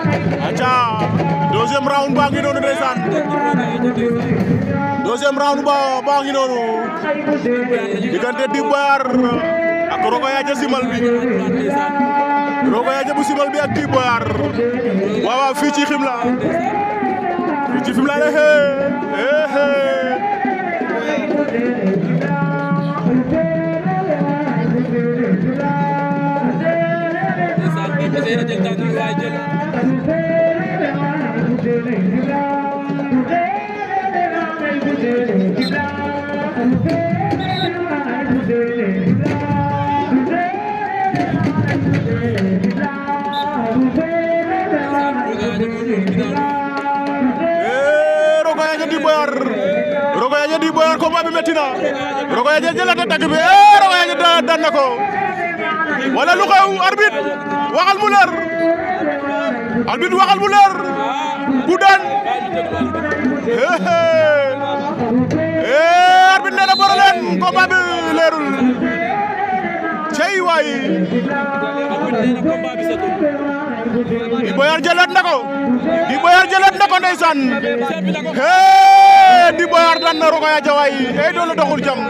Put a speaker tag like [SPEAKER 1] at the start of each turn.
[SPEAKER 1] aca deuxième round baa ngi noonu ndeysaan deuxième round ba baa ngi noonu diggante Dip Boyar ak Rogo Yathia Simal bi Rogo Yathia bu Simal bi ak Dip Boyar waaw waaw fii ci Fimela fii ci Fimela से यह जनता की हुआ जल Rogoya jadi boyar ko babi metti na Rogoya jadi la tagbe Rogoya jadi dan nako wala lu xew waxal mu leer arbitre waxal mu leer ku daan eh, arbitre nee na boro leen combat bi leerul cey waay di boyar jëlaat na ko di boyar jëlaat na ko ndeysaan di boyar daan na rokoya jawaay ey eh, doole doxul jam